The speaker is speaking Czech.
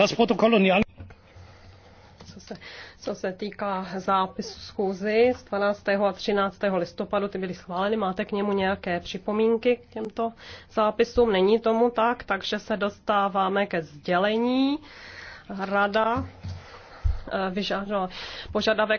Das Protokoll und die co se, co se týká zápisu schůzy z 12. a 13. listopadu, ty byly schváleny, máte k němu nějaké připomínky k těmto zápisům? Není tomu tak, takže se dostáváme ke sdělení. Rada eh, vyžádala požadavek